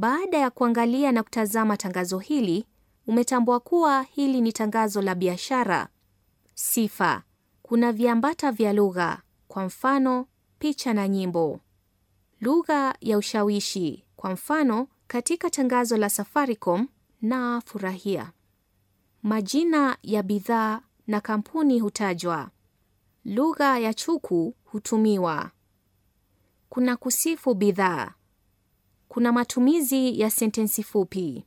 Baada ya kuangalia na kutazama tangazo hili, umetambua kuwa hili ni tangazo la biashara. Sifa: kuna viambata vya lugha, kwa mfano picha na nyimbo. Lugha ya ushawishi, kwa mfano katika tangazo la Safaricom na furahia. Majina ya bidhaa na kampuni hutajwa. Lugha ya chuku hutumiwa. Kuna kusifu bidhaa kuna matumizi ya sentensi fupi.